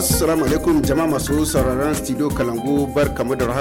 assalamu alaikum jama'a masu sauraron studio kalangu mu da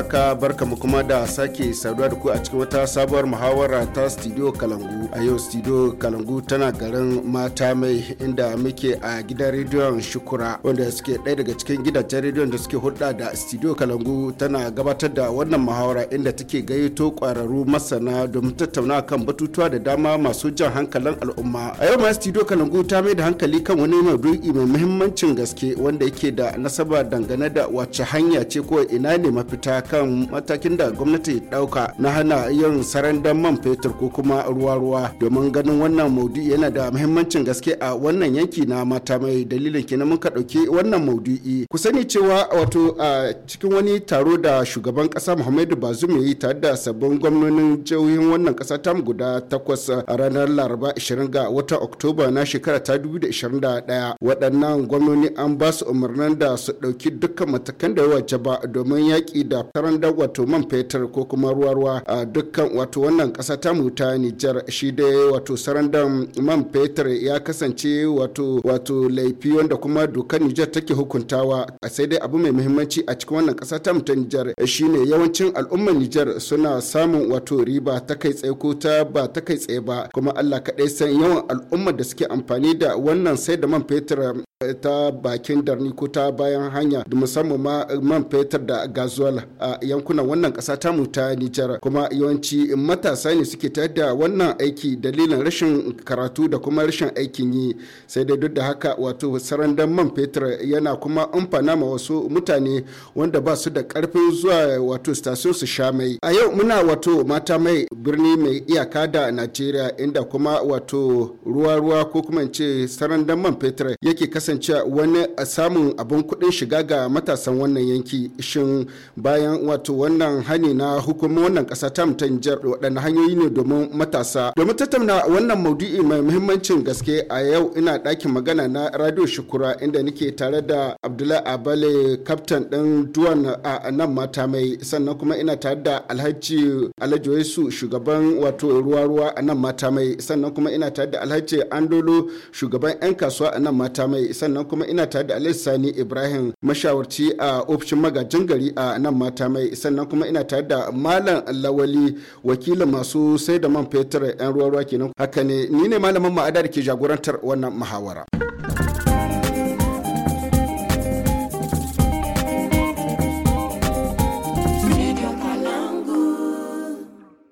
haka mu kuma da sake saduwa da ku a cikin wata sabuwar muhawara ta studio kalangu a yau studio kalangu tana garin mata mai inda muke a gidan rediyon shukura wanda suke ɗaya daga cikin gidajen rediyon da suke hulɗa da studio kalangu tana gabatar da wannan muhawara inda take gayyato kwararru masana domin tattauna kan batutuwa da dama masu jan hankalin al'umma a yau ma studio kalangu ta mai da hankali kan wani maudu'i mai muhimmancin gaske wanda yake ke da nasaba dangane da wace hanya ce ko ina ne mafita kan matakin da gwamnati dauka. na hana yin sarandan man fetur ko kuma ruwa-ruwa domin ganin wannan maudu yana da muhimmancin gaske a wannan yanki na mata mai dalilin kenan ka ɗauki wannan maudu. ku sani cewa wato a cikin wani taro da shugaban kasa muhammadu bazum ya yi tare da sabbin gwamnonin jihohin wannan kasa tam guda takwas a ranar laraba 20 ga watan oktoba na shekara ta 2021 waɗannan gwamnoni an ba su umarni musulman da su ɗauki dukkan matakan da ya ba domin yaƙi da karandar wato man fetur ko kuma ruwa-ruwa a dukkan wato wannan ƙasa ta mu ta Nijar shi dai wato sarandan man fetur ya kasance wato wato laifi wanda kuma dokar Nijar take hukuntawa sai dai abu mai muhimmanci a cikin wannan ƙasa ta mu ta Nijar shine yawancin al'ummar Nijar suna samun wato riba ta kai tsaye ko ta ba ta kai tsaye ba kuma Allah kaɗai san yawan al'ummar da suke amfani da wannan sai da man fetur eh, ta bakin darni kuta bayan hanya da musamman ma man fetur da gazuwala a yankunan wannan kasa ta ta Nijar kuma yawanci matasa ne suke tayar da wannan aiki dalilin rashin karatu da kuma rashin aikin yi sai dai duk da haka wato sarandan man fetur yana kuma amfana ma wasu mutane wanda ba su da karfin zuwa wato stasiyon su sha mai a yau muna wato mata mai birni mai iyaka da Najeriya inda kuma wato ruwa-ruwa ko kuma ce sarandan man fetur yake kasance wani samun abin kuɗin shiga ga matasan wannan yanki shin bayan wato wannan hani na hukumar wannan ƙasa ta mutanjar waɗanne hanyoyi ne domin matasa domin tattauna wannan maudu'i mai muhimmancin gaske a yau ina ɗakin magana na radio shukura inda nake tare da abdullahi abale kaftan ɗin duwan a nan mata mai sannan kuma ina tare da alhaji alhaji yesu shugaban wato ruwa ruwa a nan mata mai sannan kuma ina tare da alhaji andolo shugaban yan kasuwa a nan mata mai sannan kuma ina tare da alhaji sani ibrahim mashawarci a ofishin magajin gari a nan mata mai sannan kuma ina tare da malam lawali wakilin masu sai da man fetur yan ruwa ruwa kenan haka ne ni ne malamin ma'ada da ke jagorantar wannan muhawara.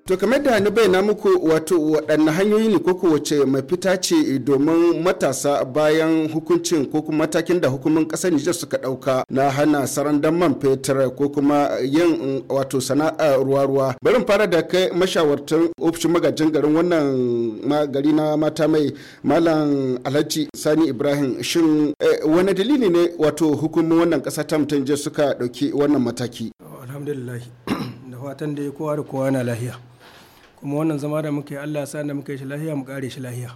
To kamar da na bayyana muku wato waɗanne hanyoyi ne wace mai mafita ce domin matasa bayan hukuncin ko kuma matakin da hukumin ƙasar Nijar suka ɗauka na hana sarandan man fetur ko kuma yin wato sana'a ruwa-ruwa. Barin fara da kai mashawartan ofishin magajin garin wannan gari na mata mai Malam Alhaji Sani Ibrahim shin eh, wani dalili ne wato hukumin wannan ƙasa ta mutum suka ɗauki wannan mataki? Alhamdulillah da fatan da kowa da kowa na lahiya. kuma wannan zama da muka allah sa da muka yi shi lahiya mu kare shi lahiya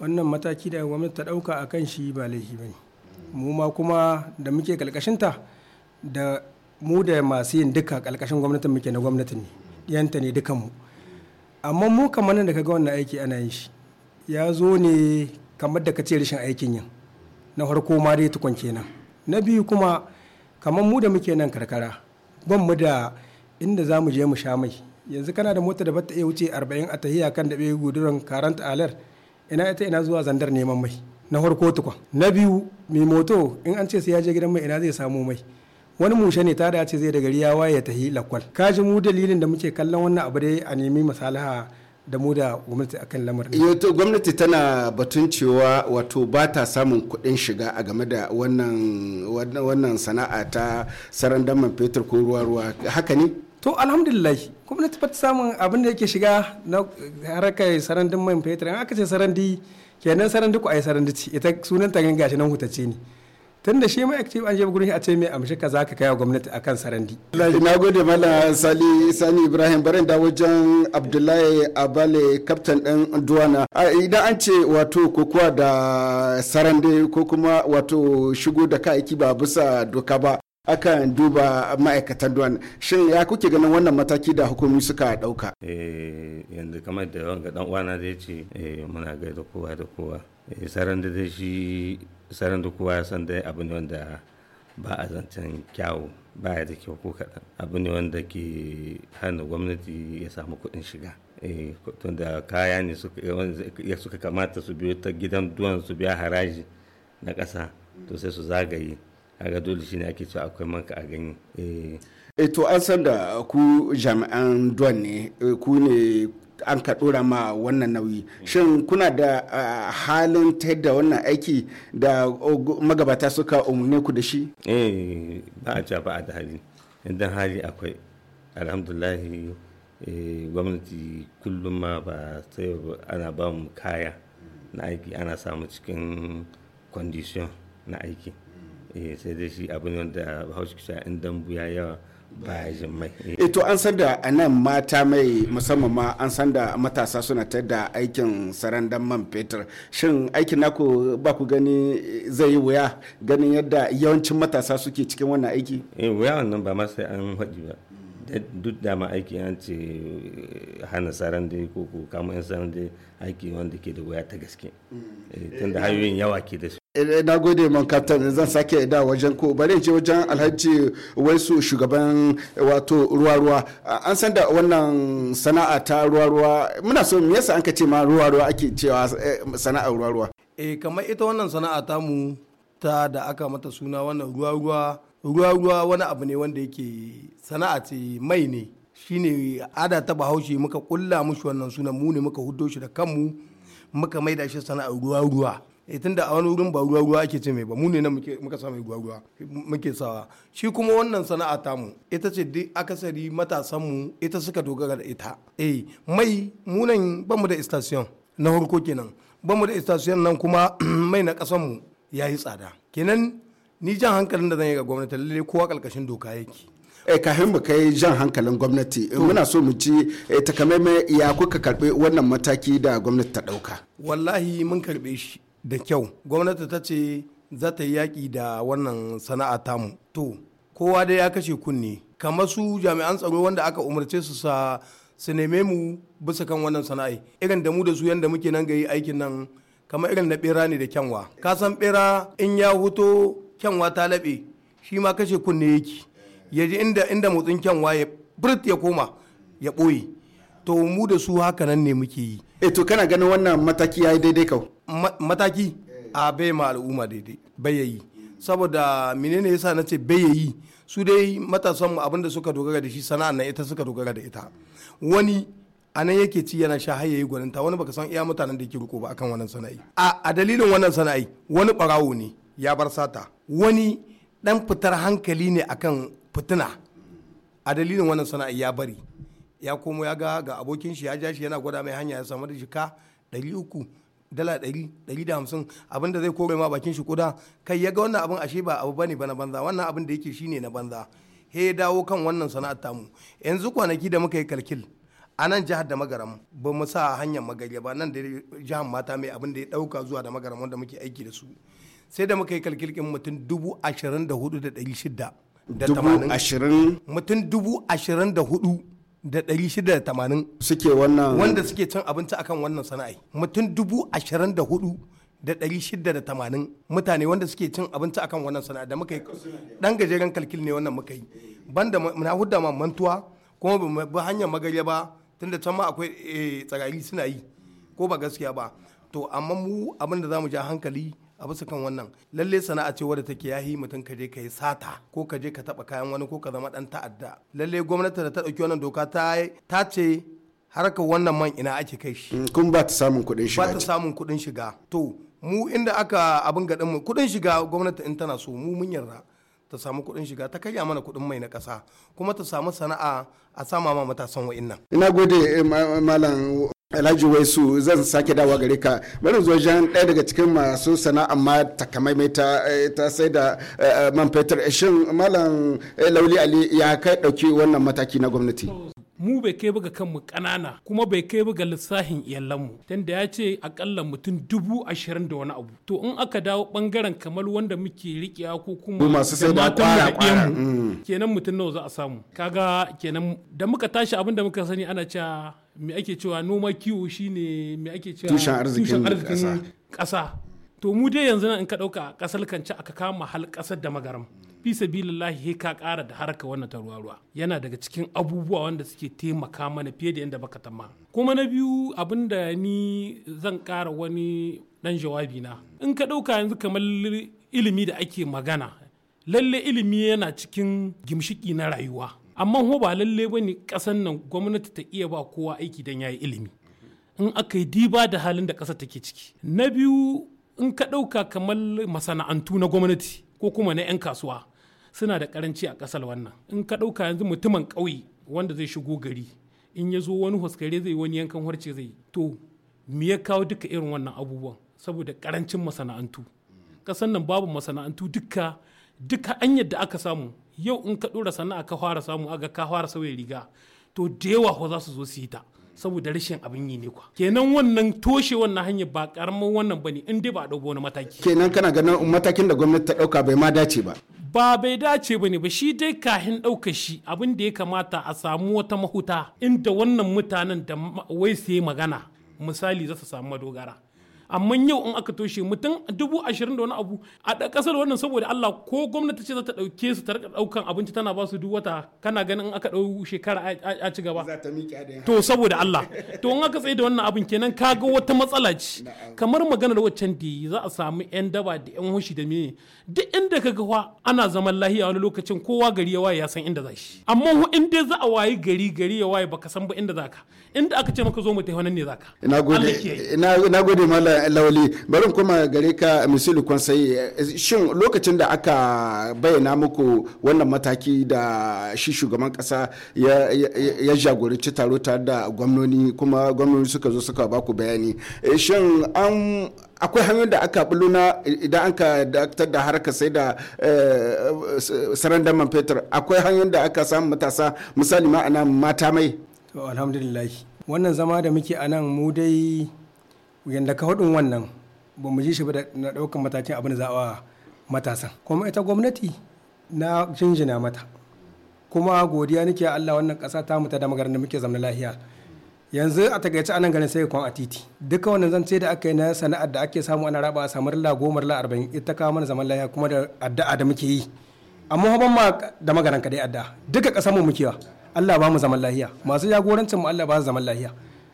wannan mataki da gwamnati ta ɗauka a kan shi ba laifi ba ne mu ma kuma da muke kalkashinta da mu da masu yin duka kalkashin gwamnatin muke na gwamnatin ne yanta ne dukan mu amma mu kamar da kaga wannan aiki ana yin shi ya zo ne kamar da ka ce rashin aikin yin na farko ma dai tukun kenan na biyu kuma kamar mu da muke nan karkara ban mu da inda za mu je mu sha mai yanzu kana da mota da bata iya wuce 40 a tahiya kan da bai guduran karanta alar ina ita ina zuwa zandar neman mai na farko tukwa. na biyu mai moto in an ce sai ya je gidan mai ina zai samu mai wani mushe ne ta dace zai da gari ya waye ya tahi lakwal kaji mu dalilin da muke kallon wannan abu dai a nemi masalaha da mu da gwamnati akan lamarin eh, to gwamnati tana batun cewa wato ba ta samun kuɗin shiga a game da wannan sana'a ta saran man fetur ko ruwa ruwa haka ne to alhamdulillah gwamnati bata samun abin da yake shiga na harkar sarandin man fetur An aka ce sarandi kenan sarandi ku ai sarandi ci ita sunan ta gashi nan hutacce ne tun da shi ma'aikaci an je gurin a ce mai amshi ka za ka kai wa gwamnati akan sarandi. na gode mala sali sani ibrahim barin da wajen abdullahi abale kaftan ɗin duwana idan an ce wato kokuwa da sarandi ko kuma wato shigo da kayayyaki ba bisa doka ba aka duba ma'aikatan duwan shin ya kuke ganin wannan mataki da hukumi suka dauka eh, yanzu kamar da wanga dan uwana zai ce eh, muna da kowa da kowa eh, saran da zai shi saran da kowa san dai abu ne wanda ba a zancen kyawu ba ya da kyau ko kaɗan abu ne wanda ke hana gwamnati ya samu kuɗin shiga tunda kaya ne suka kamata su biyo ta gidan duwan su biya haraji na ƙasa to sai su zagaye a ga dole shi ne ake cewa akwai manka a ganye eh. eh to an san da ku jami'an don ne eh, ku ne an ka dora ma wannan nauyi shin kuna da ah, halin ta da wannan aiki da magabata suka umarne ku da shi eh ba a ba a da hali idan hali akwai alhamdulahi eh, gwamnati kullum ma ba sai ana ba mu kaya na aiki ana samu cikin kwandishiyon na aiki Eh, sai dai shi abin da bahaushe kusa in dambu ya yawa baya jin mai eh an san da nan mata mai musamman ma an san da matasa suna ta da aikin sarandan man fetur shin aikin naku ba ku gani zai yi wuya ganin yadda yawancin matasa suke cikin wannan aiki eh wuya wannan ba ma sai an haɗi ba duk dama aiki an ce hana tsaron ko ko kama yan aiki wanda ke da wuya ta gaske mm. eh, tunda hanyoyin yawa ke da su Eh, eh, na gode man captain zan sake da wajen ko bare je wajen alhaji waisu shugaban eh, wato ruwa ruwa an san da wannan sana'a ta ruwa ruwa muna so me yasa an ka ce ma ruwa ruwa ake cewa sana'ar ruwa ruwa eh kamar ita wannan sana'a ta mu ta da aka mata suna wannan ruwa ruwa ruwa ruwa wani abu ne wanda yake sana'a ce mai ne shine ada ta bahaushe muka kulla mushi wannan suna mu ne muka huddo shi da kanmu muka maida shi sana'ar ruwa ruwa Eh, tunda a wani wurin ba ruwa ruwa ake ce mai ba mu ne na muka sa mai ruwa muke sawa shi kuma wannan sana'a mu ita ce duk akasari matasan mu ita suka dogara da ita eh mai munan bamu da station na harko kenan bamu da station nan kuma mai na kasan mu yayi tsada kenan ni jan hankalin da zan yi ga gwamnati lalle kowa kalkashin doka yake eh, kafin mu kai jan hankalin gwamnati eh, muna so mu ci eh, takamaimai ya kuka karbe wannan mataki da gwamnati ta dauka wallahi mun karbe shi da kyau gwamnati ta ce za ta yi yaƙi da wannan sana'a tamu to kowa dai ya kashe kunne kamar su jami'an tsaro wanda aka umarce su sa su neme mu bisa kan wannan sana'a irin da mu da su yanda muke nan ga yi aikin nan kamar irin na bera ne da kyanwa ka san bera in ya huto kyanwa ta laɓe shi ma kashe kunne yake ya ji inda inda motsin kyanwa ya birt ya koma ya ɓoye to mu da su haka nan ne muke yi eh to kana ganin wannan mataki ya yi daidai kau mataki a bai ma al'umma daidai bayayi saboda menene yasa na ce bayayi su dai matasan abinda suka dogara da shi sana'a na ita suka dogara da ita wani a nan yake ci yana sha hayayi gwaninta wani baka san iya mutanen da ke riko ba akan wannan sana'i a dalilin wannan sana'i wani barawo ne ya bar sata wani dan fitar hankali ne akan fitina a dalilin wannan sana'i ya bari ya komo ya ga ga abokin shi ya ja shi yana gwada mai hanya ya samu da shi ɗari uku dala ɗari ɗari da hamsin abin da zai kore ma bakin shi kuda kai ya ga wannan abin ashe ba abu bane ba na banza wannan abin da yake shine na banza he ya dawo kan wannan sana'ar tamu yanzu kwanaki da muka yi kalkil a nan jihar da magaram ba mu sa hanyar magariya ba nan da jihar mata mai abin da ya dauka zuwa da magaram wanda muke aiki da su sai da muka yi kalkilkin mutum dubu ashirin da hudu da ɗari shida da tamanin mutum dubu ashirin da hudu da ɗari shida da tamanin suke wannan wanda suke cin abinci akan wannan sana'ai mutum dubu ashirin da hudu da ɗari shida da tamanin mutane wanda suke cin abinci akan wannan sana'a da muka yi ɗan gajeren kalkil ne wannan muka yi banda na hudda ma mantuwa kuma ba hanyar magarya ba tunda can ma akwai eh, tsirari suna yi ko ba gaskiya ba to amma mu abin da za mu ja hankali a bisa kan wannan lalle sana'a ce wadda take yahi mutum ka je ka yi sata ko ka je ka taba kayan wani ko ka zama dan ta'adda lalle gwamnati da ta dauki wannan doka ta ta ce harkar wannan man ina ake kai shi mm, kun ba ta samun kuɗin shiga ba ta samun kuɗin shiga to mu inda aka abin ga mu kuɗin shiga gwamnati in tana so mu mun yarda ta samu kuɗin shiga ta kai mana kuɗin mai na ƙasa kuma ta samu sana'a a sama ma matasan wa'in nan. Ina gode eh, malam Alhaji Waisu zan sake dawa gare ka bari zuwa jan ɗaya daga cikin masu sana'a ma takamaimai ta eh, ta sai da eh, eh, man fetur shin malam Lauli Ali ya kai ɗauki wannan mataki na gwamnati. mu bai kai buga kanmu ƙanana kuma bai kai buga lissafin iyalanmu dan da ya ce akalla mutum dubu ashirin da wani abu to in aka dawo bangaren kamar wanda muke riƙewa ko kuma masu sai da kwara kwara mm. kenan mutum nawa za a samu kaga kenan da muka tashi abin da muka sani ana cewa me ake cewa noma kiwo shine me ake cewa tushen arzikin ƙasa to mu dai yanzu nan in ka ɗauka ƙasar kanci aka kama hal ƙasar da magaram fi sabilillahi he ka ƙara da harka wannan ta ruwa ruwa yana daga cikin abubuwa wanda suke taimaka mana fiye da yanda baka tamma kuma na biyu abinda ni zan kara wani ɗan jawabi na in ka ɗauka yanzu kamar ilimi da ake magana lalle ilimi yana cikin gimshiki na rayuwa amma ho ba lalle ba ne ƙasar nan gwamnati ta iya ba kowa aiki don ya yi ilimi in aka yi diba da halin da ƙasa take ciki na biyu in ka ɗauka kamar masana'antu na gwamnati ko kuma na 'yan kasuwa suna da karanci a ƙasar wannan in ka ɗauka yanzu mutumin ƙauye wanda zai shigo gari in ya zo wani huskare zai wani yankan harce zai to me ya kawo duka irin wannan abubuwan saboda karancin masana'antu ƙasar nan babu masana'antu duka duka an yadda aka samu yau in ka ɗora sana'a ka fara samu aga ka fara sauya riga to da yawa ko za su zo su yi ta saboda rashin abin yi ne kwa kenan wannan toshe wannan hanyar ba karamin wannan ne in dai ba dauko wani mataki kenan kana ganin matakin da gwamnati ta dauka bai ma dace ba ba bai dace ba ne ba shi dai kahin ɗaukar shi abin da ya kamata a samu wata mahuta inda wannan mutanen da wai su magana misali za su samu madogara amma yau in aka toshe mutum dubu ashirin da wani abu a ƙasar wannan saboda Allah ko gwamnati ce za ta ɗauke su ta rika ɗaukan abinci tana ba su duk wata kana ganin in aka ɗau shekara a ci gaba to saboda Allah to in aka tsaye da wannan abin kenan ka ga wata matsala ce kamar maganar waccan da za a samu yan daba da yan hushi da mene duk inda ka ga ana zaman lahiya wani lokacin kowa gari ya waye ya san inda za shi amma in dai za a wayi gari gari ya waye baka san ba inda za ka inda aka ce maka zo mu tafi wannan ne za ka ina gode ina gode mallam lauli bari kuma gare ka misali kwansai shin lokacin da aka bayyana muku wannan mataki da shi shugaban kasa ya jagoranci taro tare da gwamnoni kuma gwamnoni suka zo suka ba ku bayani eh, shin an akwai hanyoyin da aka buluna idan an ka daktar da harka sai da eh, sarandaman fetur akwai hanyoyin da aka samu matasa misali ma'ana mata mai alhamdulillah wannan zama da muke a nan mu dai yadda ka hudun wannan ba mu ji shi ba na ɗaukar matakin abin da za a matasan kuma ita gwamnati na jinjina mata kuma godiya nake Allah wannan ƙasa ta mu ta da magarin da muke zama lahiya yanzu a takaice anan ganin sai kwan a titi duka wannan zance da aka yi na sana'ar da ake samu ana raba a samar la goma la arba'in ita kawo mana zaman lahiya kuma da addu'a da muke yi amma ban ma da magaran dai addu'a duka ƙasar mu muke wa Allah ba mu zaman lahiya masu jagorancin mu Allah ba su zaman lahiya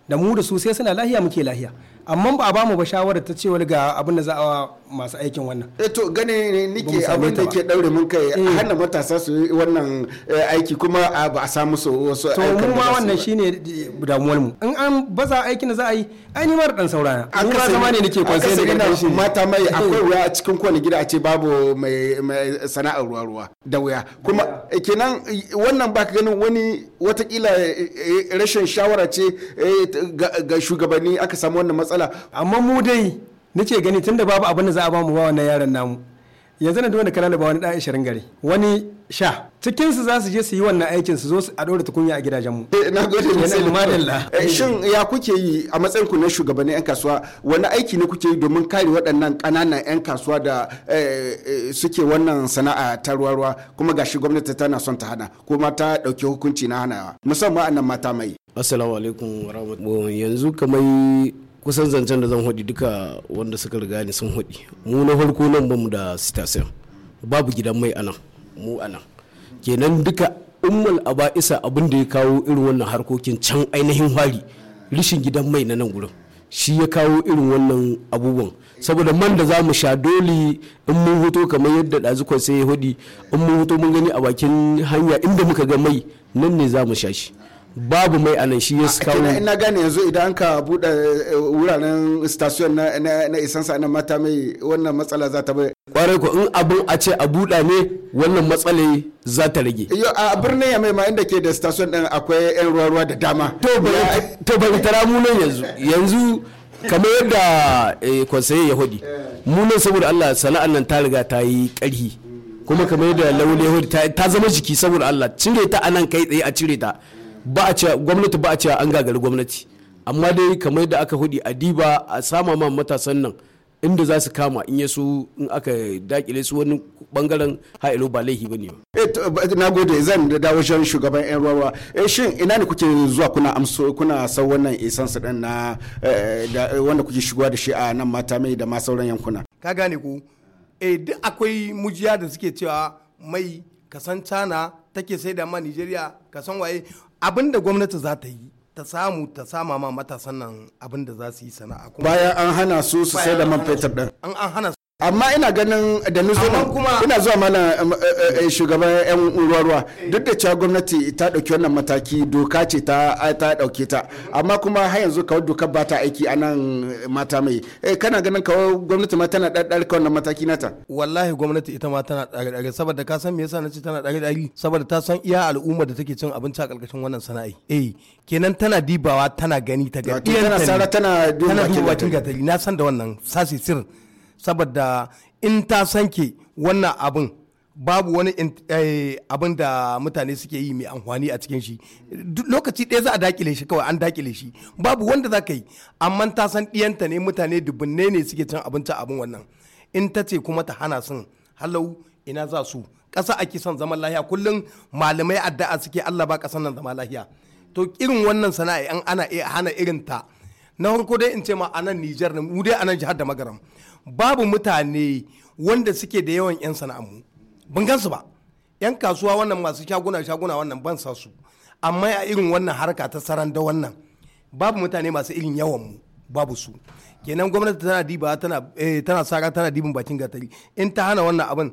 da mu da su sai suna lahiya muke lahiya amma ba a bamu ba shawarar ta cewa ga abin da za a masu aikin wannan eh to gane nike abin da ke daure mun kai eh. hana matasa su wannan eh, aiki kuma ba a samu su wasu to mu ma wannan shine damuwar mu in an baza aikin da za a yi animar mara dan saurana a ka zama ne nake kwanse da mata mai mm. akwai wuya a cikin kowane gida a ce babu mai sana'ar ruwa ruwa da wuya kuma eh, kenan eh, wannan baka ganin wani watakila eh, rashin shawara ce ga shugabanni aka samu wannan matsala amma mu dai nake gani tunda babu abin da za a ba mu ba wannan yaran namu yanzu na dole ka lalaba wani ɗan ashirin gari wani sha cikin su za su je su yi wannan aikin su zo a dora tukunya a gidajen mu eh, na gode misali madalla eh, shin ya kuke yi a matsayin ku na shugabannin yan kasuwa wani aiki ne kuke yi domin kare waɗannan ƙananan yan kasuwa da eh, suke wannan sana'a ta ruwa ruwa kuma gashi gwamnati tana son ta hana kuma ta ɗauki hukunci na hanawa musamman nan mata mai assalamu alaikum yanzu kamar kusan zancen da zan hudi duka wanda suka riga ni sun hudi mu na farko nan ba mu da station babu gidan mai anan mu anan kenan duka ummul aba'isa abin da ya kawo irin wannan harkokin can ainihin hari rishin gidan mai na nan gurin shi ya kawo irin wannan abubuwan saboda man da za mu sha dole in mun hoto kamar yadda ɗazukon sai ya hudi in mun hoto mun gani a bakin hanya inda muka ga mai nan ne za mu sha shi babu mai anan shi ya kawo ina gane yanzu idan ka buɗe eh, wuraren station na na sa na mata mai wannan matsala za ta bai kwarai ko in abin a ce a buɗa ne wannan matsala za ta rage yo a birnin ya mai ma inda ke da station din akwai yan ruwa ruwa da dama to bai to bai mu yanzu yanzu kamar yadda kwansaye eh, yahudi eh. mu nan saboda Allah sana'an nan ta riga ta yi ƙarhi kuma kamar yadda launi yahudi ta zama jiki saboda Allah cire ta anan kai tsaye a cire ta ba a ce gwamnati ba a cewa an gagari gwamnati amma dai kamar da aka hudi a diba a sama ma matasan nan inda za su kama in yasu in aka dakile su wani bangaren ha'ilo ba laihi ba ne eh, na gode zan da dawo shan shugaban yan ruwa eh, shin ina ne kuke zuwa kuna amso kuna sau wannan isan din na eh, wanda kuke shigowa da shi a nan mata mai da ma sauran yankuna ka gane ku eh duk akwai mujiya da suke cewa mai kasan cana take sai da ma nigeria kasan waye abin da gwamnati za ta yi ta samu ta sama ma matasan nan abin da za su yi sana'a kuma bayan an hana su su sai da man fetur din an hana amma ina ganin da nizo ina zuwa mana um, eh, eh, eh, shugaban yan ruwa ruwa duk da cewa gwamnati ta dauki wannan mataki doka ce ta ta dauke ta amma kuma har yanzu kawai doka ba ta aiki anan mata mai kana ganin kawai gwamnati ma tana daddare kawai wannan mataki nata wallahi gwamnati ita ma tana daddare saboda ka san me yasa nace tana daddare saboda ta san iya al'umma da take cin abinci a ƙarƙashin wannan sana'i eh kenan tana dibawa tana gani ta ga tana sara tana duba tana duba na san da wannan sasi sirrin saboda in ta sanke wannan abin babu wani eh, abin da mutane suke yi mai amfani a cikin shi lokaci ɗaya za a dakile shi kawai an dakile shi babu wanda za ka yi amma ta san ɗiyanta ne mutane dubunne ne suke cin abinci abin wannan in ta ce kuma ta hana sun halau ina za su ƙasa ake son zaman lahiya kullum malamai addu'a suke allah ba ƙasan nan zama lahiya to irin wannan sana'a an ana iya hana irin ta na farko dai in ce ma anan nijar ne mu dai anan jihar da magaram babu mutane wanda suke da yawan 'yan sana'amu ban gansu ba 'yan kasuwa wannan masu shaguna shaguna wannan ban sa su amma a irin wannan harka ta da wannan babu mutane masu irin yawan mu babu su kenan gwamnati tana diba tana eh, saka tana dibin bakin gatari in ta hana wannan abin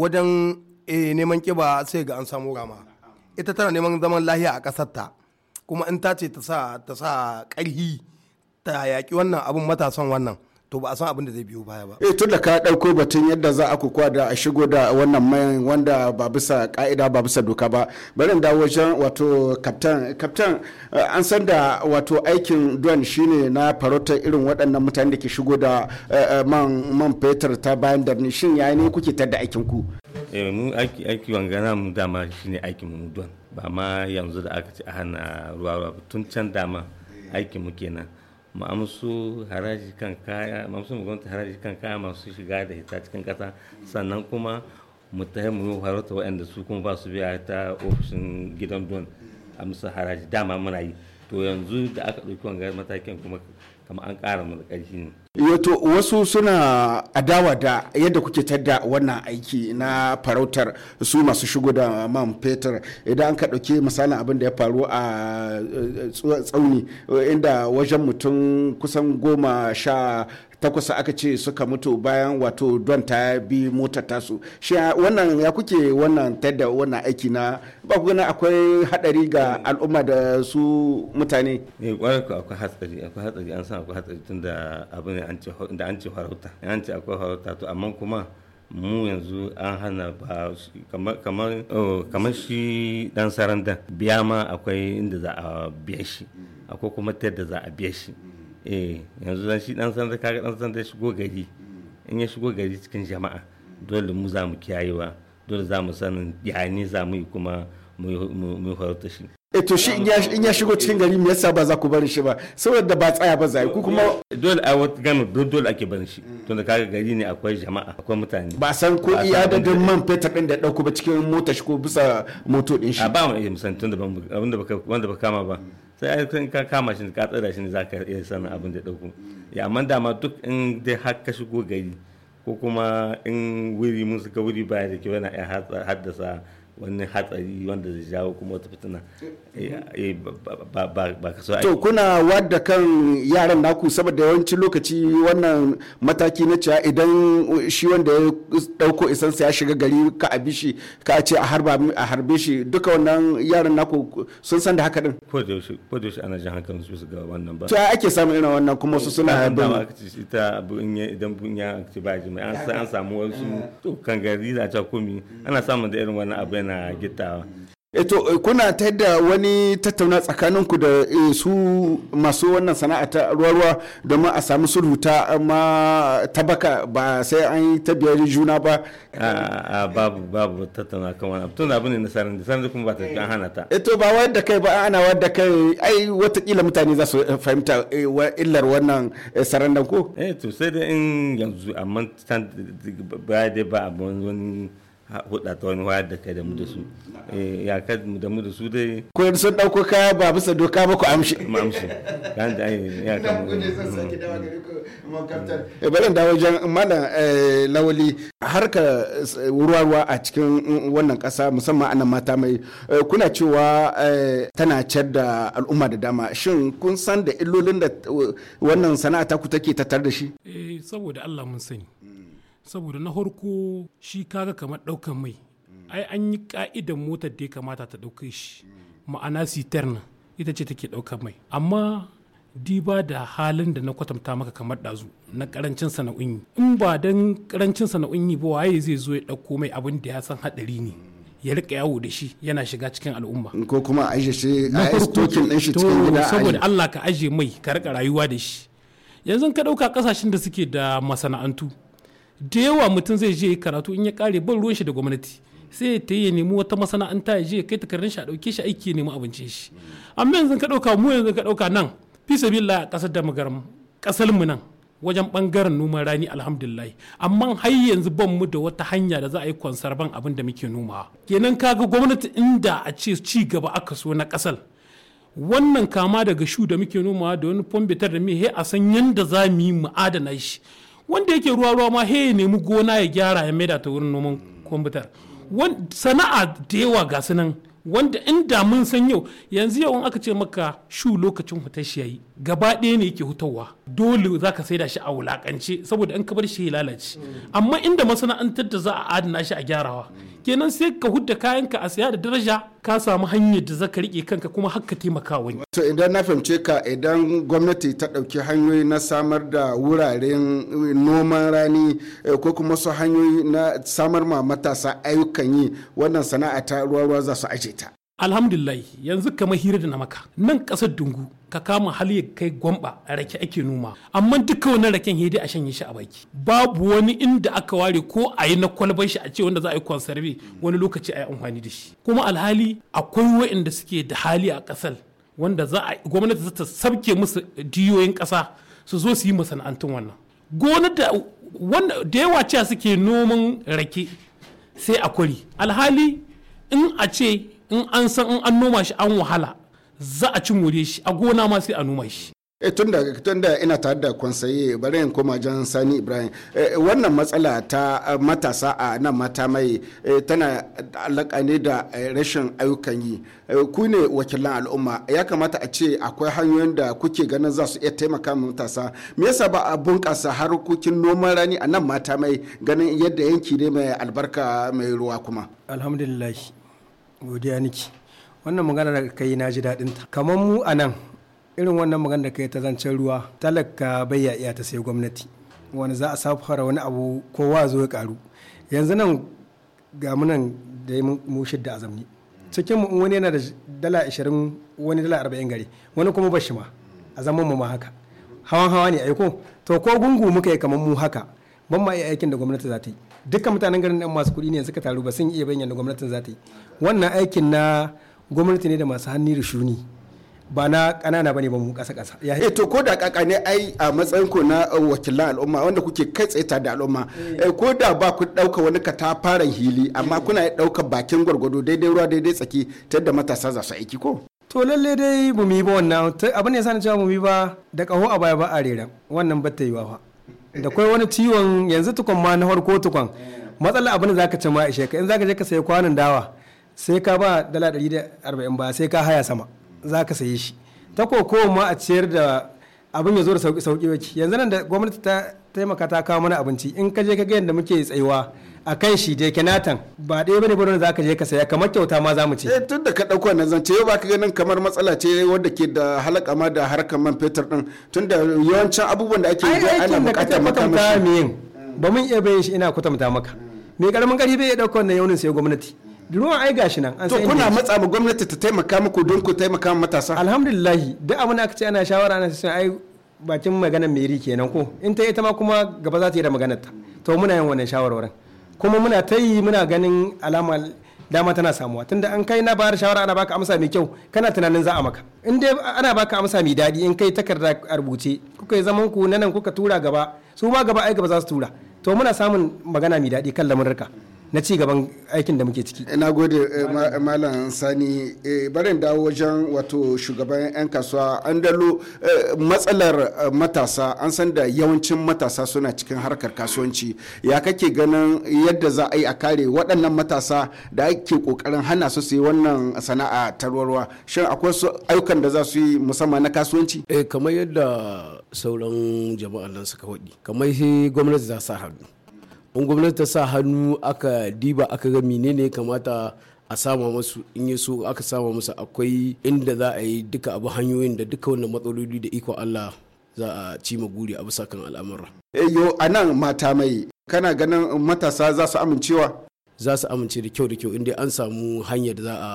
wajen eh, neman kiba sai ga an samu rama ita tana neman zaman lahiya a kasar ta kuma in ta ce ta sa ta sa ƙarhi ta yaki wannan abin matasan wannan to ba a san abin da zai biyo baya ba. Eh tun da ka ɗauko batun yadda za a kukuwa da a shigo da wannan mayan wanda ba bisa ka'ida ba bisa doka ba barin da wajen wato kaptan kaptan eh, an san da wato aikin duwan shine na farautar irin waɗannan mutane da ke shigo da eh, eh, man man fetur ta bayan da shin yayin ne kuke tada aikin ku. Eh mu aiki aiki wangana mu dama shine aikin mu duwan ba ma yanzu da aka ci a hana ruwa ruwa tun can dama aikin mu kenan. mu haraji kan kaya mu gwamnati haraji kan kaya masu shiga da hita cikin kasa sannan kuma mu ta mu harauta waɗanda su kuma ba su biya ta ofishin gidan don a musu haraji dama muna yi to yanzu da aka ɗauki wangar matakin kuma kama an ƙara mu da ƙarfi ne Yato wasu suna adawa da yadda kuke tadda wannan aiki na farautar su masu shigo da man fetur idan an ka ɗauki misalin abin da ya faru a eh, eh, tsauni inda wajen mutum kusan goma sha takwas aka ce suka mutu bayan wato don ta bi mota tasu shi wannan ya kuke wannan tadda wannan aiki na ba ku gani akwai hadari ga al'umma da su mutane ne eh, kwarai ku akwai hatsari akwai hatsari an san akwai hatsari tun da abin an ce da an ce farauta an ce akwai farauta to amma kuma mu yanzu an hana ba oh, kamar shi dan saranda biya ma akwai inda za a biya shi akwai kuma ta yadda za a biya shi eh yanzu dan shi dan sanda kaga dan sanda ya shigo gari in ya shigo gari cikin jama'a dole mu za mu kiyayewa dole za mu sanin ya ne za mu yi kuma mu yi shi e to shi in ya shigo cikin gari me yasa ba za ku bari shi ba saboda ba tsaya ba zai ku kuma dole a wata don dole ake barin shi tunda kaga gari ne akwai jama'a akwai mutane ba san ko iya dadin man fetur din da dauko ba cikin mota shi ko bisa moto din shi a ba mu iya musan tunda ban wanda ba wanda ba kama ba sai ai kan ka kama shi ka tsada shi ne ka iya sanin abin da dauko ya amma dama duk in dai har ka shigo gari ko kuma in wuri mun suka wuri baya da ke wani haddasa wani hatsari wanda zai jawo kuma wata fitina Eh, eh, ba to kuna wadda kan yaran naku saboda yawancin lokaci wannan mataki na cewa idan shi wanda ya dauko isansa ya shiga gari ka a bishi ka a ce a harbe shi duka wannan yaran naku sun san da haka din ko da yaushe ana jan hankali su su ga wannan ba to ake samun irin wannan kuma su suna bin ita idan bun ya ba jima an samu wasu eh. kan gari da ta komi ana samun da irin wannan abu yana gittawa eto kuna ta da wani tattauna tsakaninku da su masu wannan sana'a ta ruwa-ruwa domin a samu sulhu ta amma tabaka ba sai an yi ta biyar juna ba a babu babu tattauna kan wani abu abu ne na sanar da sarin kuma ba ta kan hana ta eto ba wadda kai ba ana wadda kai ai watakila mutane za su fahimta illar wannan sarandan ko eh to sai da in yanzu amma ba da ba wani huɗa ta wani wayar da kai da mu da su eh, ya ka da mu da su dai ko yanzu sun ɗauko kaya ba bisa doka ba ku amshi mu amshi kan da ai ya ka mu ne zan saki dawa ku mu kaptan eh bari da wajen eh, lawali harka eh, ruwa ruwa a cikin wannan ƙasa musamman anan mata mai kuna cewa tana ciyar da al'umma da dama shin kun san da illolin da wannan sana'a ta ku take tattar da shi eh saboda Allah mun sani saboda na harko shi kaga kamar ɗaukan mai ai an yi ka'idan motar da ya kamata ta dauke shi ma'ana siterna ita ce take ɗaukan mai amma diba da halin da na kwatanta maka kamar dazu na karancin sana'un yi in ba don karancin sana'un yi ba waye zai zo ya ɗauko mai abin da ya san haɗari ne ya rika yawo da shi yana shiga cikin al'umma ko kuma aje shi a stokin ɗin shi cikin gida saboda Allah ka aje mai ka rika rayuwa da shi yanzu ka ɗauka kasashen da suke da masana'antu da yawa mutum zai je karatu in ya kare ban ruwan shi da gwamnati sai ta yi nemi wata masana'anta ya je kai takardun shi a dauke shi aiki ya nemi abincin shi amma yanzu ka dauka mu yanzu ka dauka nan fi sabilillah kasar da magaram kasar mu nan wajen bangaren noman rani alhamdulillah amma har yanzu ban mu da wata hanya da za a yi konsarban abin da muke noma kenan kaga gwamnati inda a ce ci gaba aka so na kasar wannan kama daga shu da muke nomawa da wani fombitar da me a san yadda za mu yi mu adana shi wanda yake ruwa ruwa ma he ya nemi gona ya gyara ya maida ta wurin noman kwamfutar sana'a da yawa ga sunan wanda inda mun san yau yanzu yau aka ce maka shu lokacin hutar shi yayi gaba ɗaya ne yake hutawa dole za ka saida shi a wulakance saboda in ka bar shi ya lalace amma inda masana'antar da za a adana shi a gyarawa kenan sai ka hudda kayanka a saya da daraja ka samu hanyar da za ka riƙe kanka kuma har ka taimaka wani. to idan na fahimce ka idan gwamnati ta ɗauki hanyoyi na samar da wuraren noman rani eh, ko kuma su hanyoyi na samar ma matasa ayyukan yi wannan sana'a ta ruwa ruwa za su aje ta. alhamdulillah yanzu kamar hira da na maka nan kasar dungu ka kama hali kai gwamba a rake ake noma amma duka wannan raken hede a shanye shi a baki babu wani inda aka ware ko a yi na kwalban shi a ce wanda za a yi conserve wani lokaci a yi amfani da shi kuma alhali akwai wa'inda suke da hali a kasar wanda za a gwamnati za ta sabke musu diyoyin kasa su zo su yi masana'antun wannan gonar da wanda da yawa cewa suke noman rake sai a kuri. alhali in a ce in an san in an noma shi an wahala za a ci more shi a gona ma sai a noma shi e eh, tunda tunda ina tare da kwansaye bari in koma jan sani ibrahim eh, wannan matsala ta eh, matasa a nan mata mai tana alaka ne da rashin ayyukan yi ku ne wakilan al'umma ya kamata a ce akwai hanyoyin da kuke ganin za su iya taimaka matasa me yasa ba a bunƙasa harkokin noman rani a nan mata mai ganin yadda yanki ne mai albarka mai ruwa kuma alhamdulillah godiya niki wannan magana da kai na ji daɗin ta kamar mu a nan irin wannan magana da kai ta zancen ruwa talaka bai ya iya ta sai gwamnati wani za a safara wani abu kowa zo ya karu yanzu nan ga munan da mu shidda a zamni cikin mu wani yana da dala 20 wani dala 40 gari wani kuma bashi ma a zaman mu ma haka hawan hawa ne aiko to ko gungu muka yi kamar mu haka ban ma iya aikin da gwamnati za ta yi dukkan mutanen garin nan masu kuɗi ne suka taru ba sun iya bayyana gwamnatin za ta yi wannan aikin na gwamnati ne da masu hannu da shuni ba na ba ne ba mu ƙasa. ƙasa ya eh, to ko da kaka ne ai a matsayin ku na uh, wakilan al'umma wanda kuke kai tsaye da al'umma eh. Eh, ko da ba ku ɗauka wani katafaren hili amma kuna ɗauka bakin gwargwado daidai ruwa daidai tsaki ta da matasa za su aiki ko to lalle dai mu yi ba wannan abin ne ya sani cewa mu yi ba da kaho a baya ba a rera wannan ba ta yi ba da kwai wani ciwon yanzu tukun ma na farko tukun matsala abin da zaka ci ma ishe ka in zaka je ka sayi kwanon dawa sai ka ba dala 140 ba sai ka haya sama zaka sayi shi ta koko ma a ciyar da abin ya zo da sauki sauki yanzu nan da gwamnati ta taimaka ta kawo mana abinci in ka je ka ga yadda muke tsayuwa a kan shi je kenatan ba ɗaya bane bane za ka je ka saya kamar kyauta ma za mu ce. Eh, tun da ka ɗauko na zance yau ba ka ganin kamar matsala ce wadda ke da halaka ma da harkar man fetur ɗin tun da yawancin abubuwan da ake yi ana buƙatar makamashi. ba mun iya bayan shi ina kwatanta maka. mai karamin ƙarfi bai iya ɗauko wannan yaunin sai gwamnati. ruwan ai gashi nan an to kuna matsa ma gwamnati ta taimaka muku don ku taimaka ma matasa alhamdulillah duk abin da aka ce ana shawara ana sai ai bakin maganar meri kenan ko in ta ita ma kuma gaba za ta yi da maganar ta to muna yin wannan shawarwarin kuma muna ta yi muna ganin alama dama tana samuwa tunda an kai na bayar shawara ana baka amsa mai kyau kana tunanin za a maka in dai ana baka amsa mai daɗi in kai takarda a rubuce kuka yi zaman ku nan kuka tura gaba su ma gaba ai gaba za su tura to muna samun magana mai daɗi kan lamurka na ci gaban aikin da muke ciki eh, na gode eh, malam sani eh, barin dawo wajen wato shugaban 'yan kasuwa an dalo matsalar matasa an san da yawancin matasa suna cikin harkar kasuwanci ya kake ganin yadda za a yi a kare waɗannan matasa da ake ƙoƙarin hana su su yi wannan sana'a ta ruwa shin akwai ayyukan da za su yi musamman na kasuwanci eh kamar yadda sauran jama'an nan suka faɗi kamar shi gwamnati za sa hannu in gwamnati ta sa hannu aka diba aka ga menene ya kamata a sama masu in yi so aka sama masu akwai inda za a yi duka abu hanyoyin da duka wannan matsaloli da ikon Allah za a ci guri a bisa kan al'amura. Eh, yo a nan mata mai kana ganin matasa za su amincewa? za su amince da kyau da kyau inda an samu hanyar da za a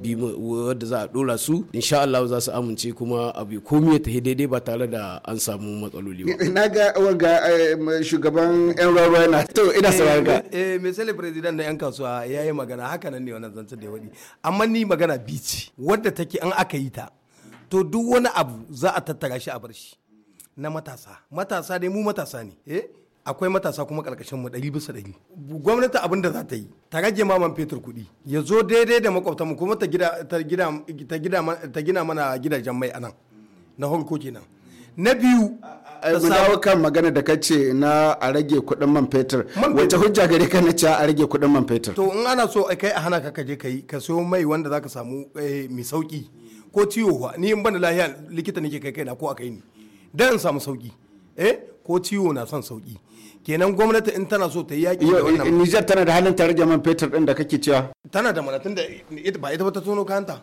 bi wadda za a dora su insha Allah za su amince kuma abu komai ya tafi daidai ba tare da an samu matsaloli ba na ga ga eh, shugaban yan rawa na to ina eh, sauran ka eh, eh misali president na yan kasuwa ya yi magana haka nan ne wannan zancen da ya wadi amma ni magana bici wadda take an aka yi ta to duk wani abu za a tattara shi a bar shi na matasa matasa dai mu matasa ne eh akwai matasa kuma karkashin mu ɗari bisa ɗari gwamnati abin da za ta yi ta rage ma man fetur kuɗi ya zo daidai da makwabtanmu kuma ta gina mana gidajen mai anan na farko kenan na biyu dawo kan magana da kace na a rage kuɗin man fetur wacce hujja gare ka na ce a rage kuɗin man fetur to in ana so kai a hana ka je kai ka sayo mai wanda zaka samu eh, mai sauki ko ciwo ni in bana lahiya likita nake kai kaina ko akai ni dan in samu sauki eh ko ciwo na son sauki kenan gwamnati in tana so ta yi yaƙi da wannan Nijar tana da halin tare da man fetur din da kake cewa tana da mana tunda ba ita ba ta tono kanta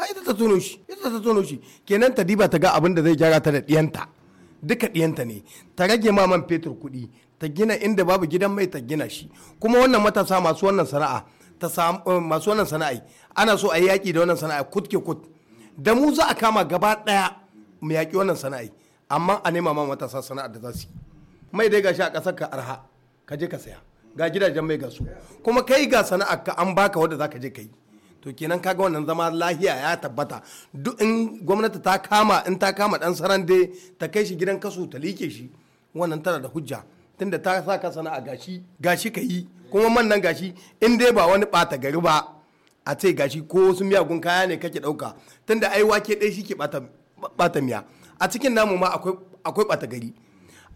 a ita ta tono shi ita ta tono shi kenan ta diba ta ga abin da zai gyara ta da diyanta duka diyanta ne ta rage ma man fetur kuɗi ta gina inda babu gidan mai ta gina shi kuma wannan matasa masu wannan sana'a ta eh, masu wannan sana'a ana so a yi yaƙi da wannan sana'a kut ke kut da mu za a kama gaba ɗaya mu yaƙi wannan sana'a amma a nema ma matasa sana'ar da za su yi mai dai gashi a ƙasar ka arha ka je ka saya ga gidajen mai gasu kuma kai ga sana'a ka an baka wanda zaka je kai to kenan kaga wannan zama lahiya ya tabbata duk in gwamnati ta kama in ta kama dan sarande ta kai shi gidan kasu ta like shi wannan tara da hujja tunda ta sa ka sana'a gashi gashi ka kuma man nan gashi in dai ba wani bata gari ba a ce gashi ko wasu miyagun kaya ne kake dauka tunda ai wake dai shi ke bata miya a cikin namu ma akwai akwai bata gari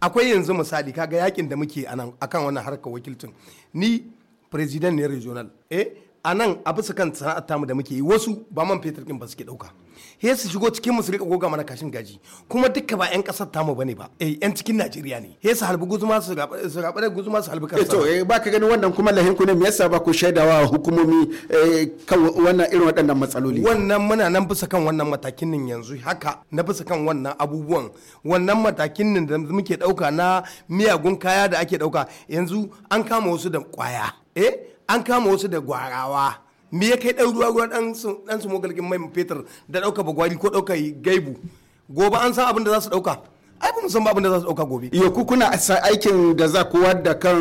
akwai yanzu misali kaga yakin da muke a kan wannan harkar wakilcin ni president ne regional eh a nan a bisa kan sana'ar tamu da muke yi wasu ba man fetur din ba suke dauka he su shigo cikin musu su rika goga mana kashin gaji kuma duka ba yan kasar tamu bane ba eh yan cikin Najeriya ne he su halbi guzuma su gaba su gaba da guzuma su halbu kasar eh, to eh ba ka gani wannan kuma lahin ku ne me yasa ba ku shaidawa hukumomi eh, kan wannan irin waɗannan matsaloli wannan muna nan bisa kan wannan matakin nin yanzu haka na bisa kan wannan abubuwan wannan matakin nin da muke dauka na miyagun kaya da ake dauka yanzu an kama wasu da kwaya eh an kama wasu da gwarawa me ya kai ɗan ruwa ruwa ɗan su mogalgin mai fetur da ɗauka bagwari ko ɗauka gaibu gobe an san abin da za su ɗauka ai ba mu san abin da za su ɗauka gobe yo ku kuna aikin da za ku wadda kan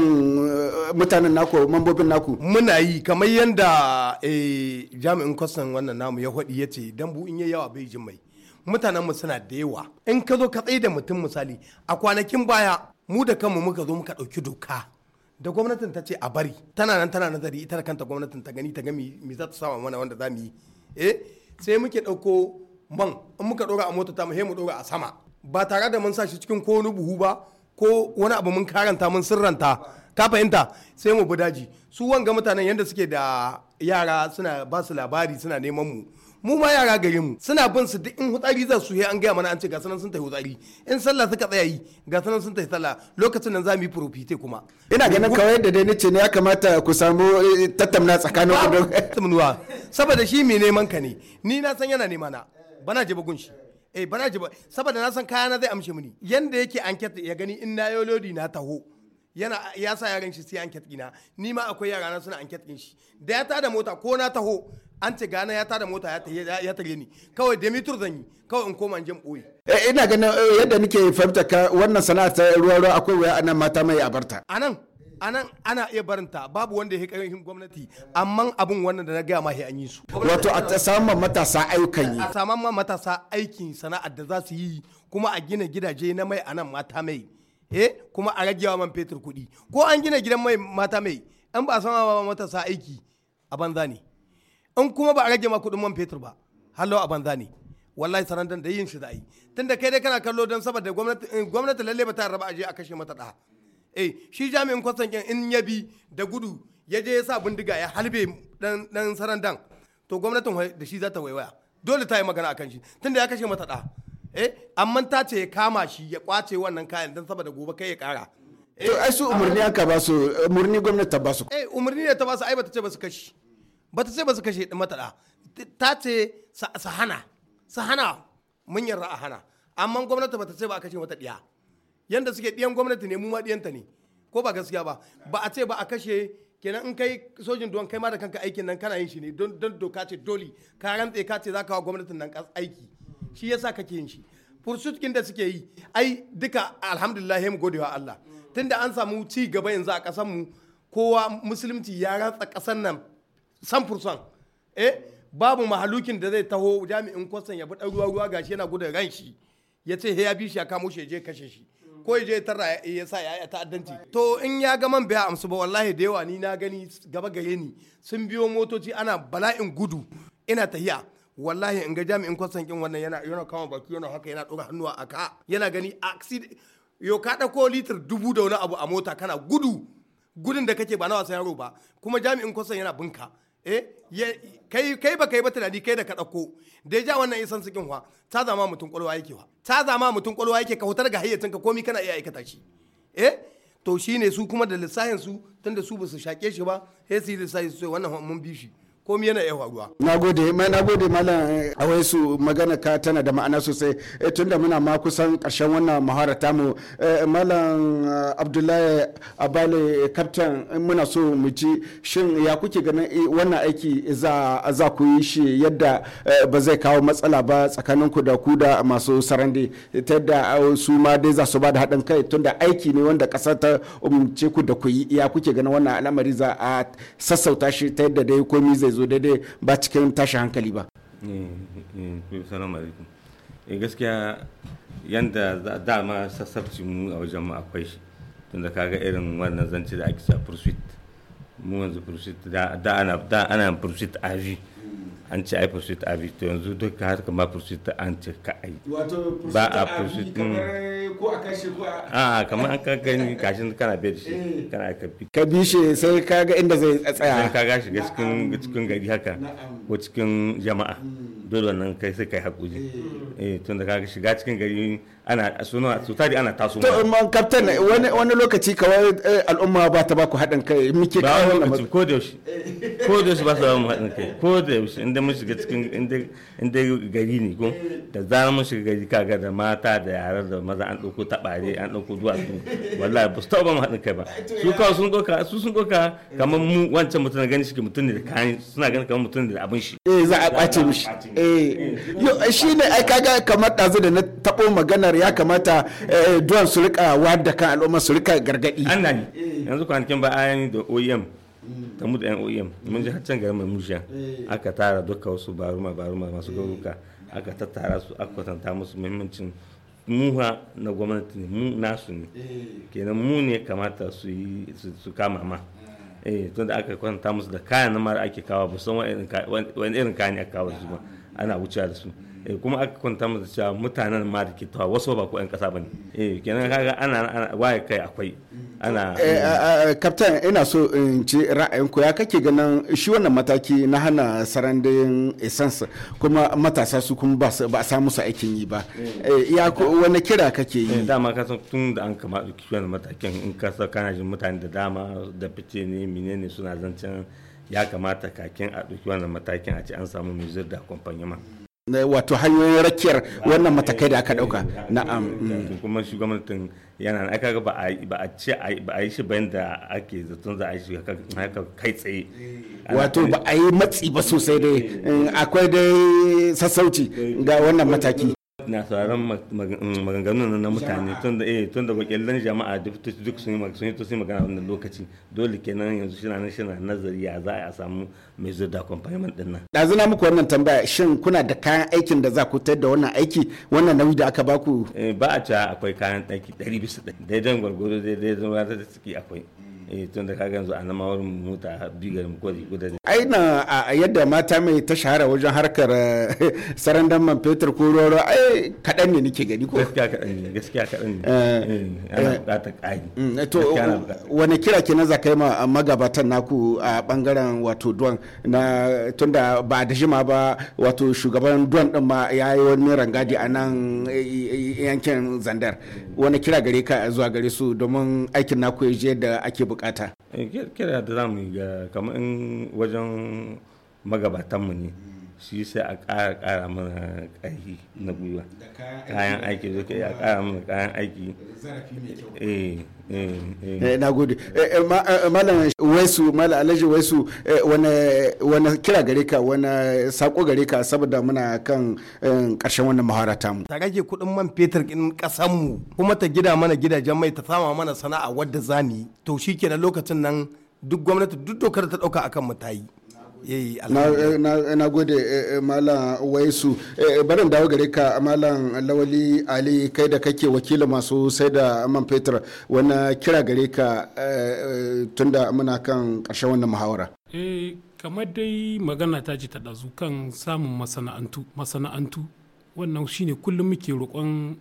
eh, mutanen naku mambobin naku muna yi kamar yadda eh, jami'in kwastan wannan namu ya faɗi ya ce bu in yi yawa bai jin mai mutanen mu suna da yawa in ka zo ka tsaye da mutum misali a kwanakin baya mu da kanmu muka zo muka ɗauki doka da gwamnatin ta ce a bari tana nan tana nazari ita da kanta gwamnatin ta gani ta gami mi za ta sama mana wanda za mu yi eh sai muke ɗauko man in muka ɗora a mota ta mu mu ɗora a sama ba tare da mun sa shi cikin ko wani buhu ba ko wani abu mun karanta mun sirranta ka fahimta sai mu bi daji su wanga mutanen yadda suke da yara suna ba su labari suna neman mu mu ma yara gare mu suna bin su duk in hutsari za su yi an gaya mana an ce ga sanan sun tafi hutsari in sallah suka tsaya yi ga sanan sun tafi sallah lokacin nan za mu yi profite kuma ina ganin kawai da dai nace ne ya kamata ku samu eh, tattauna tsakanin ku saboda shi mai neman ka ne ni na san yana nema na bana jiba gunshi eh bana jiba saboda na san kayana zai amshe mini yanda yake anket ya gani in na yo lodi na taho yana ya sa yaran shi sai anket ɗina ni ma akwai yara na suna anket ɗin shi da ya tada mota ko na taho an ce gana ya tada mota ya tare ni kawai demitur zan yi kawai in koma in je boye eh, ina ganin eh, yadda nake fahimta ka wannan sana'a ta ruwa ruwa akwai wuya anan mata mai abarta anan anan ana iya barinta babu wanda ya ƙarfin gwamnati amma abun wannan da na gaya mahi an yi su wato a saman matasa aikin yi a saman matasa aikin sana'ar da za su yi kuma a gina gidaje na mai anan mata mai eh kuma a rage man fetur kuɗi ko an gina gidan mai mata mai an ba a matasa aiki a banza ne in kuma ba a rage ma kuɗin man fetur ba hallo a banza ne wallahi sarandan da yin shi za a yi tunda kai dai kana kallo don saboda gwamnati eh, gwamnati lalle ba ta raba aje a kashe mata ɗaha eh shi jami'in kwastan in ya bi da gudu ya je ya sa bindiga ya halbe dan sarandan to gwamnatin da shi za ta waiwaya dole ta yi magana akan shi tunda ya kashe mata ɗaha eh amma ta ce ya kama shi ya kwace wannan kayan don saboda gobe kai ya kara eh, to ai su umarni aka ba su umarni gwamnati ta ba su eh umarni ne ta ba su ai bata ce ba su kashi ba ta ce ba su kashe ɗin mata ta ce su hana su hana mun yarda ra'a hana amma gwamnati ba ta ce ba a kashe wata ɗiya yanda suke ɗiyan gwamnati ne mu ma ɗiyanta ne ko ba gaskiya ba ba a ce ba a kashe kenan in kai sojin duwan kai ma da kanka aikin nan kana yin shi ne don doka ce dole ka rantse ka ce za ka wa gwamnatin nan aiki shi yasa kake yin shi kin da suke yi ai duka alhamdulillah mu godewa Allah tunda an samu ci gaba yanzu a ƙasar mu kowa musulunci ya ratsa ƙasar nan 100% eh babu mahalukin da zai taho jami'in kwastan ya bi ɗan ruwa ruwa gashi yana gudun ran shi ya ce ya bi shi ya kamo shi ya je kashe shi ko ya je tarra ya sa ya ta'addanci to in ya ga man biya amsu ba wallahi da yawa ni na gani gaba gare ni sun biyo motoci ana bala'in gudu ina tahiya wallahi in ga jami'in kwastan kin wannan yana yana kama baki yana haka yana ɗora hannuwa a ka yana gani accident yo ka ɗauko litir dubu da wani abu a mota kana gudu gudun da kake ba na wasan yaro ba kuma jami'in kwasan yana bunka. eh kai kai ba kai ba tunani kai da ka ɗauko da ya ja wannan isan su wa ta zama mutum kwalwa yake wa ta zama mutum kwalwa yake ka hutar ga hayyacin ka komi kana iya aikata shi eh to shine su kuma da lissahin su tunda su ba su shake shi ba sai su yi lissahin su wannan mun bi shi komi yana yawa ruwa Na gode, mai na gode malam eh, Awaisu magana ka tana da ma'ana sosai eh, tunda muna ma kusan karshen wannan muhara tamu eh, malam Abdullahi Abale kaftan muna so mu ji shin ya kuke ganin wannan aiki za za ku yi shi yadda ba zai kawo matsala ba tsakanin ku da ku da masu sarande ta yadda su ma dai za su ba da haɗin kai tunda aiki ne wanda ƙasar ta umce ku da ku yi ya kuke ganin wannan al'amari za a sassauta shi ta yadda dai komi zai zo daidai ba cikin tashi hankali ba eh, eh, eh, gaskiya yadda dama sassabci mu a wajen mu akwai shi tunda ga irin wannan zance da ake sa pursuit mu yanzu pursuit da ana da ana pursuit an ce ai pursuit a to yanzu duka har kama pursuit an ce ka ai ba a pursuit mm. ko a kashe ko a a ah, kamar an ka gani kashin kana bai da shi eh. kana ka bi ka bi shi sai ka ga inda zai tsaya sai ka ga shiga cikin cikin gari haka ko cikin jama'a mm. dole nan kai sai kai hakuri eh, eh tun da ka shiga cikin gari ana suna su tari ana taso to man um, captain wani wani lokaci kawai eh, al'umma ba ta ba ku haɗin kai muke ba wani ko da yaushe ko da yaushe ba su mu haɗin kai ko da yaushe inda mun shiga cikin inda inda gari ne ko da zarar mun shiga gari kaga da mata da yaran da maza an ɗauko taɓare an ɗauko duwatsu wallahi ba su taɓa mu haɗin kai ba su ka sun ɗauka su sun ɗauka kamar mu wancan mutum na ganin shi mutum ne da kayan suna ganin kamar mutum ne da abin shi eh za a ɓace mishi eh shi ne ai kaga kamar ɗazu da na taɓo magana jihar ya kamata eh, duwan su rika wadda kan al'umma su rika gargadi an nani yanzu kwanakin ba ayan da OEM ta da yan OEM mun ji can garin Mamusha eh. aka tara duka wasu baruma baruma masu eh. garuka aka tattara su aka kwatanta musu muhimmancin muha na gwamnati ne mu nasu ne kenan mu ne kamata su yi su kama ma eh tun da aka kwatanta musu da kayan mara ake kawo ba san wani irin kayan aka kawo su ba ana wucewa da su Eh, kuma aka kwanta masa cewa mutanen ma da ke tawa wasu ba ku 'yan kasa ba ne eh, kenan kaga ana waye kai akwai ana kaptan eh, ina so in ce ra'ayinku ya kake ganin shi wannan mataki na hana sarandin essence kuma matasa su kuma ba a samu su aikin yi ba ya wani kira kake yi dama ka san tun da an kama ɗauki wannan matakin in ka sa kana jin mutane da dama da fice ne menene suna zancen ya kamata kakin a ɗauki wannan matakin a ce an samu mizir da kwamfanyama. wato hanyoyin rakiyar wannan matakai da aka dauka na'am mm. kuma shi gwamnatin yana aka ga ba a ce ba a yi shi bayan da ake zaton za a yi shi haka kai tsaye wato ba a yi matsi ba sosai dai eh, eh. akwai dai sassauci eh, ga wannan mataki na sauraron maganganun na mutane tun da eh tun da wakilan jama'a duk sun yi sun yi sun magana wannan lokaci dole kenan yanzu shi nan shi nazari ya za a samu mai zuda compartment din nan dazu na muku wannan tambaya shin kuna da kayan aikin da za ku tayar da wannan aiki wannan nauyi da aka baku ba a cewa akwai kayan aiki 100 bisa 100 daidai gwargwado daidai zuwa da suke akwai eh tun da kaga yanzu a mawar mota bigar gwari guda ai na a yadda mata mai ta shahara wajen harkar dan eh, man fetur ko roro ai kadan ne nake gani ko gaskiya kadan ne gaskiya kadan ne eh, eh, ana bukatar ƙari mm, to wani kira ke na zakai ma magabatan naku a bangaren wato duwan na tunda ba da jima ba wato shugaban duwan din ma ya yi wani rangadi a nan yankin zandar wani kira gare ka zuwa gare su domin aikin naku ya je da ake buƙata bukata eh, kira da za mu yi ga kamar wajen magabatanmu ne shi sai a ƙara ƙara mana ƙarfi na gwiwa kayan aiki kai a ƙara mana kayan aiki eh, eh, eh. na gode malam waisu malam waisu wani kira gare ka wani sako gare ka saboda muna kan ƙarshen wannan mahara mu ta rage kuɗin man fetur ɗin mu kuma ta gida mana gidajen mai ta sama mana sana'a wadda zani to shi kenan lokacin nan duk gwamnati duk dokar ta ɗauka akan mu ta yi Eh, eh, na gode eh, malam waisu barin dawo gare ka malam lawali ali kai da kake wakila masu sai da man fetur wani kira gare ka tunda muna kan karshen wannan muhawara kamar dai magana ta ji ta ɗazu kan samun masana'antu masana'antu wannan shine kullum muke roƙon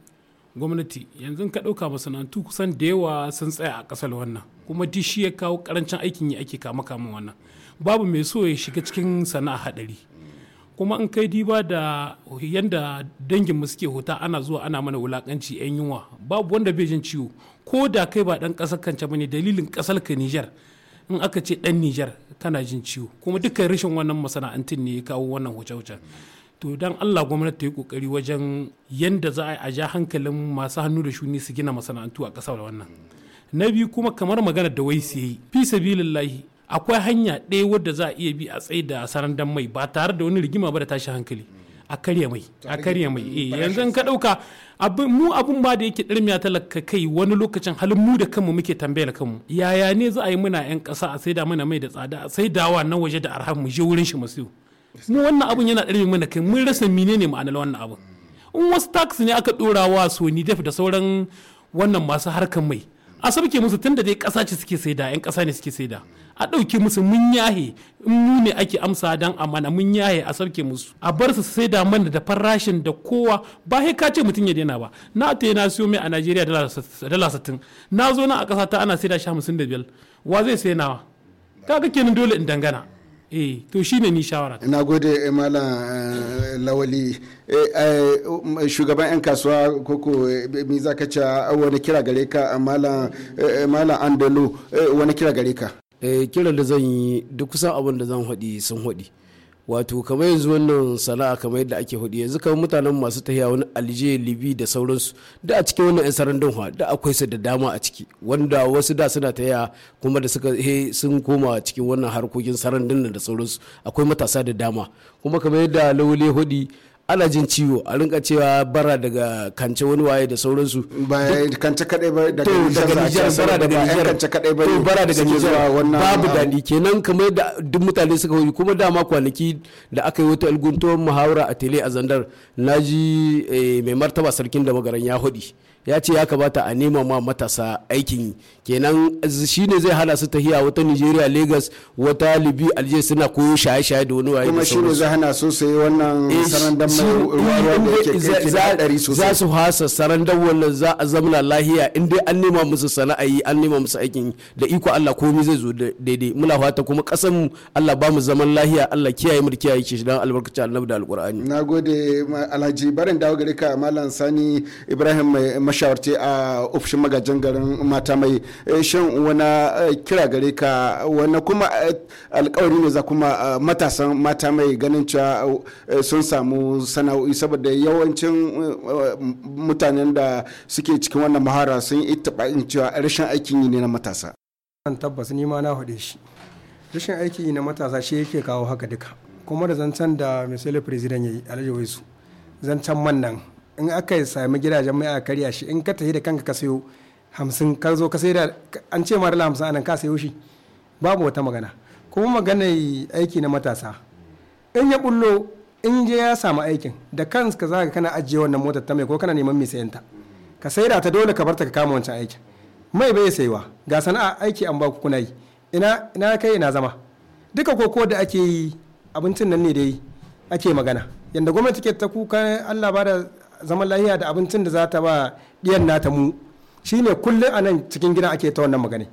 gwamnati yanzu ka ɗauka masana'antu kusan da yawa sun tsaya a ƙasar wannan kuma shi ya kawo ƙarancin aikin yi ake kama kama wannan babu mai so ya shiga cikin sana'a hadari kuma in kai diba da yadda danginmu suke huta ana zuwa ana mana wulakanci 'yan yunwa babu wanda bai jin ciwo ko da kai ba dan kasar kanca bane dalilin kasar ka Nijar in aka ce dan Nijar kana jin ciwo kuma dukkan rashin wannan masana'antun ne ya kawo wannan huce to dan Allah gwamnati ta yi kokari wajen yanda za a a ja hankalin masu hannu da shuni su gina masana'antu a kasar wannan na biyu kuma kamar magana da wai su yi fi sabilillahi akwai hanya ɗaya wadda za a iya bi a tsaye da dan mai ba tare da wani rigima ba da tashi hankali a karya mai a karya mai eh yanzu ka ɗauka mu abun ba da yake ɗarmiya talaka kai wani lokacin halin mu da kanmu muke tambaya da kanmu yaya ne za a yi muna 'yan ƙasa a saida mana mai da tsada a wa na waje da arham mu je wurin shi masu mu wannan abun yana ɗarmi mana kai mun rasa menene ma'anar wannan abun in wasu tax ne aka ɗora wa sony def da sauran wannan masu harkan mai a sauke musu tun da dai kasa ce suke saida yan kasa ne suke saida a ɗauke musu mun yahe in mu ne ake amsa dan amana mun yahe a sauke musu a bar su saida mana da farashin da kowa ba sai ka ce mutum ya daina ba na ta na siyo mai a Najeriya dala 60 na zo na a ƙasa ta ana saida da 55 wa zai sai nawa kaga kenan dole in dangana eh to shine ni shawara na gode eh, malam eh, lawali eh, shugaban 'yan kasuwa koko mi za ka ce wani kira gare ka malam andalo wani kira gare ka kiran da zan yi duk kusan abin da zan haɗi sun haɗi wato kamar yanzu wannan sana'a kamar yadda ake hudu yanzu kamar mutanen masu tahiya wani alje libi da sauransu da a cikin wannan 'yan sarandan da akwai su da dama a ciki wanda wasu da suna tahiya kuma da suka he sun koma cikin wannan harkokin sarandan da sauransu akwai matasa da dama kuma kamar yadda lawule hudu ana jin ciwo a rinka cewa bara daga kance wani waye da sauransu ba kance kadai ba daga nijar daga nijar kance kadai ba bara daga nijar babu dadi kenan kamar da duk mutane suka hoyi kuma dama kwanaki da aka yi wata alguntuwar muhawara a tele a zandar naji eh, mai martaba sarkin da magaran ya hudi ya ce ya kamata a nema ma matasa aikin kenan shi ne zai hana su tahiya wata nigeria lagos wata libi alje suna koyo shaye-shaye da wani waye kuma shi ne zai hana su sai wannan eh, sarandan mai ruwa da yake kai dari sosai za su hasa sarandan wannan za a zamana lahiya in dai an nema musu sana'a yi an nema musu aikin da iko Allah komai zai zo daidai muna fata kuma kasan mu Allah ba mu zaman lahiya Allah kiyaye mu kiyaye shi dan albarkacin annabi da alqur'ani nagode alhaji barin dawo gare ka malam sani ibrahim mai. mashawarci a ofishin magajin garin mata mai eh, shan wani eh, kira gare ka wani kuma eh, alkawari ne za kuma matasan mata mai ganin cewa sun samu sana'o'i saboda yawancin mutanen da suke cikin wannan mahara sun yi taɓa cewa rashin aikin yi ne na matasa. An tabbas ni ma na haɗe shi. Rashin aikin yi na matasa shi yake kawo haka duka. Kuma da zancen da misali president ya yi alhaji su zancen man nan in aka sami gidajen mai aka karya shi in ka tafi da kanka ka sayo hamsin ka zo ka sai da an ce mara hamsin anan ka sayo shi babu wata magana kuma magana aiki na matasa in ya bullo in je ya samu aikin da kanka za ka kana ajiye wannan motar ta mai ko kana neman mai ta ka saida ta dole ka barta ka kama wancan aikin mai bai saiwa ga sana'a aiki an baku kuna yi ina ina kai ina zama duka ko da ake yi abincin nan ne dai ake magana yanda gwamnati ke ta kuka Allah ba da zaman lahiya da abincin da za ta ba diyan nata mu shine kullum a nan cikin gida ake ta wannan magana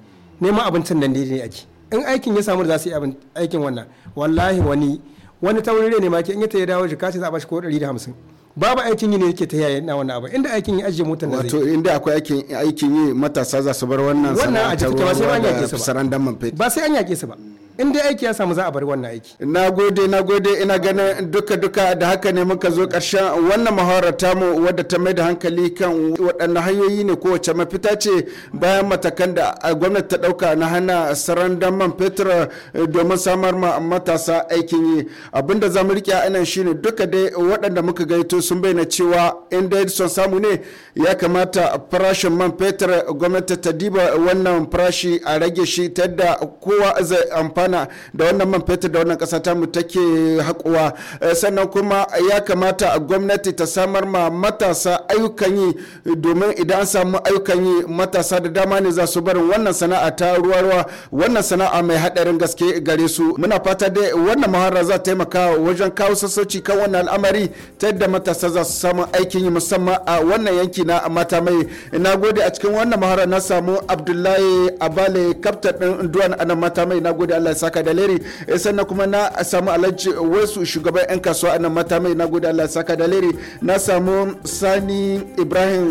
neman abincin nan ne ake in aikin ya samu da za su yi aikin wannan wallahi wani wani ta wuri ne ma ke in ya ta dawo shi kashi za a bashi ko 150 babu aikin yi ne yake ta yaya na wannan abu inda aikin yi ajiye motar da zai wato inda akwai aikin aikin yi matasa za su bar wannan wannan da cikin ba sai an yake su ba ba sai an yake su ba in dai aiki ya samu za a bari wannan aiki na gode na gode ina ganin duka duka da haka ne muka zo ƙarshen wannan muhawarar tamu wadda ta mai da hankali kan waɗanne hanyoyi ne ko kowace mafita ce bayan matakan da gwamnati ta ɗauka na hana sarandan man fetur eh, domin samar ma matasa aikin yi abinda za mu riƙe a nan shine duka dai waɗanda muka gaito sun bayyana cewa in dai son samu ne ya kamata farashin man fetur gwamnati ta diba wannan farashi a rage shi ta yadda kowa zai amfani Ghana da wannan man fetur da wannan ƙasa tamu take haƙuwa eh, sannan kuma ya kamata gwamnati ta samar ma matasa ayyukan yi domin idan an samu ayyukan yi matasa da dama ne za su barin wannan sana'a ta ruwa ruwa wannan sana'a mai haɗarin gaske gare su muna fata dai wannan muhara za ta taimaka wajen kawo sassauci kan wannan al'amari ta yadda matasa za su samu aikin yi musamman a wannan yanki na mata mai na gode a cikin wannan muhara na samu abdullahi abale kaftan ɗin duwan anan mata mai na gode allah saka da leri eh, sannan kuma na samu alhaji wasu shugaban yan kasuwa a nan mata mai na gode Allah saka da leri na samu sani ibrahim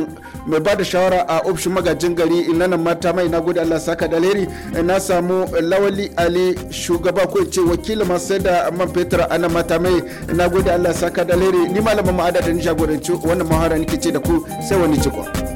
mai ba da shawara a ofishin magajin gari na nan mata mai na gode Allah saka da leri eh, na samu lawali ali shugaba ko ce wakili masu da man fetur a nan mata mai na gode Allah saka da leri ni malamin ma'ada da jagoranci wannan mahara nake ce da ku sai wani jikon.